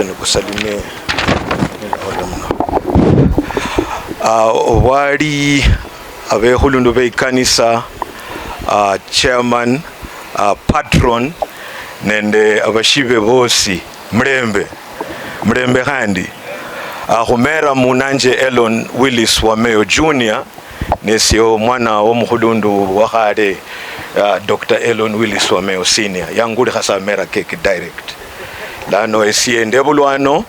Wacha nikusalimie uh, wali beikanisa uh, chairman uh, patron nende abashibe bosi mulembe mulembe khandi uh, khumera munanje Elon Willis Wameo Jr nesio mwana womukhulundu wakhale uh, Dr. Elon Willis Wameo Senior yangulikha samera keke direct lano esie ndebulwano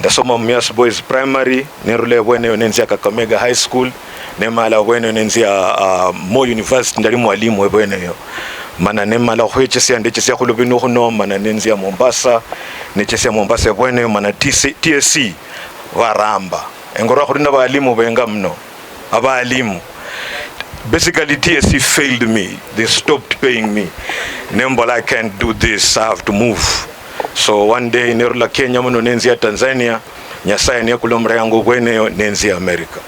ndasoma mumias boys primary nerula bweneyo nenzia kakamega high school nemala bweneyo nenzia uh, mo university ndali mwalimu webweneyo mana nemala khwechesya ndechesya khulubinu khuno mana nenzia mombasa nechesya mombasa ebweneyo mana tsc baramba engorwa khuri na balimu benga mno abalimu basically tsc failed me they stopped paying me nembola i can't do this i have to move so one day nerula kenya muno nenzi ya tanzania nyasaye niyakulombra yangu kweneyo nenzi ya america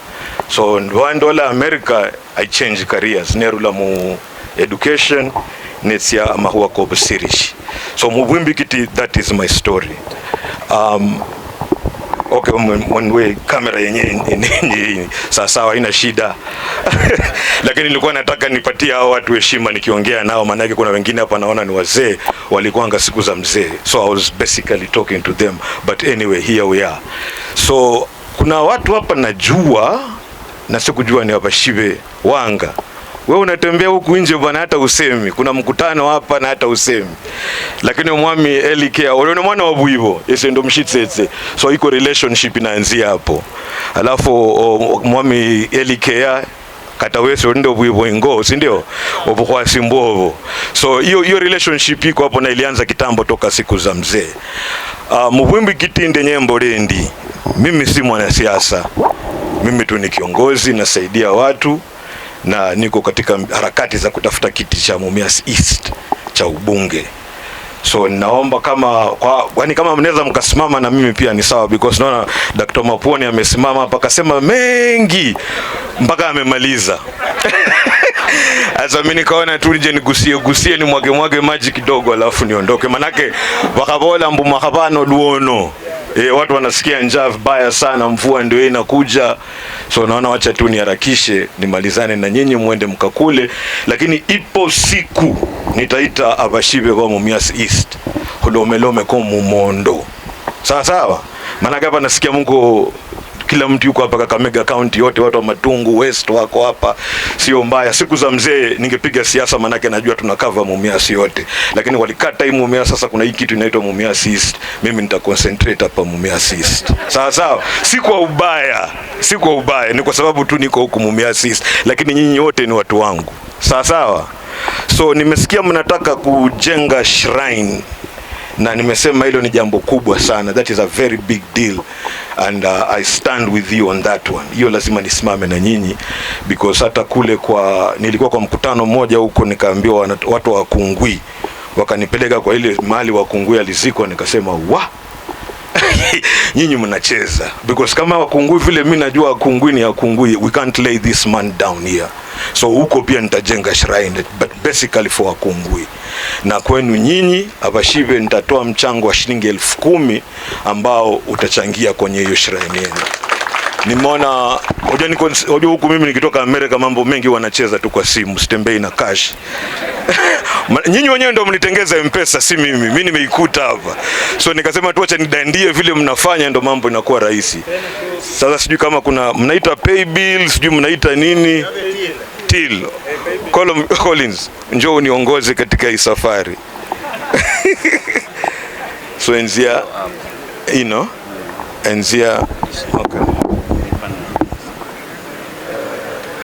so wandola america i change careers nerula mu education netsia amahuwa kobusirishi so mubwimbikiti that is my story um, okay mwe camera yenye sawasawa shida lakini nilikuwa nataka nipatie hao watu heshima nikiongea nao, maanake kuna wengine hapa naona ni wazee, walikuanga siku za mzee, so I was basically talking to them but anyway here we are. So kuna watu hapa najua na sikujua ni wapashive wanga we unatembea huku nje bwana, hata usemi kuna mkutano hapa na hata usemi, lakini mwami elikea uliona mwana wa Buibo ese ndo mshitsetse, so iko relationship inaanzia hapo, alafu mwami elikea kata wese ndio obwibo ingo si ndio obukwasi mbwobo so hiyo hiyo relationship iko hapo na ilianza kitambo toka siku za mzee uh, mubwimbi kitinde nyembo lendi mimi si mwanasiasa mimi tu ni kiongozi nasaidia watu na niko katika harakati za kutafuta kiti cha Mumias East cha ubunge So naomba kama kwa, yani kama mnaweza mkasimama na mimi pia ni sawa, because naona Dr. Mapuoni amesimama hapa akasema mengi mpaka amemaliza. Asa mimi nikaona tu nje nigusie gusie ni mwage mwage maji kidogo, alafu niondoke, manake wakabola mbu mwakabano duono E, watu wanasikia njaa vibaya sana, mvua ndio inakuja. So naona wacha tu niharakishe nimalizane na nyinyi, muende mkakule, lakini ipo siku nitaita abashibe kwa Mumias East kulomelome kwa mumondo, sawa sawa, maanake hapa nasikia mungu kila mtu yuko hapa Kakamega County yote, watu wa Matungu West wako hapa, sio mbaya. Siku za mzee ningepiga siasa, manake najua tunakava Mumias yote, lakini walikata hii Mumias. Sasa kuna hii kitu inaitwa Mumias East, mimi nita concentrate hapa Mumias East, sawa sawa. Si kwa ubaya, si kwa ubaya, ni kwa sababu tu niko huku Mumias East, lakini nyinyi wote ni watu wangu, sawa sawa. So nimesikia mnataka kujenga shrine na nimesema hilo ni jambo kubwa sana, that is a very big deal and uh, I stand with you on that one. Hiyo lazima nisimame na nyinyi because hata kule kwa nilikuwa kwa mkutano mmoja huko nikaambiwa watu wa Kungui wakanipeleka kwa ile mahali wa Kungui alizikwa, nikasema wa nyinyi mnacheza because kama wakungui vile mimi najua wakungui ni wakungui, we can't lay this man down here, so huko pia nitajenga shrine but basically for wakungwi na kwenu nyinyi abashibe nitatoa mchango wa shilingi elfu kumi ambao utachangia kwenye hiyo shirahi yenu. Nimeona unajua, huku mimi nikitoka Amerika mambo mengi wanacheza tu kwa simu, sitembei na cash nyinyi wenyewe ndio mlitengeza mpesa si mimi. Mimi nimeikuta hapa, so nikasema tu nidandie vile mnafanya, ndio mambo inakuwa rahisi. Sasa sijui kama kuna mnaita pay bill, sijui mnaita nini Till Collins, njoo uniongoze katika hii safari so enzia ino enzia okay.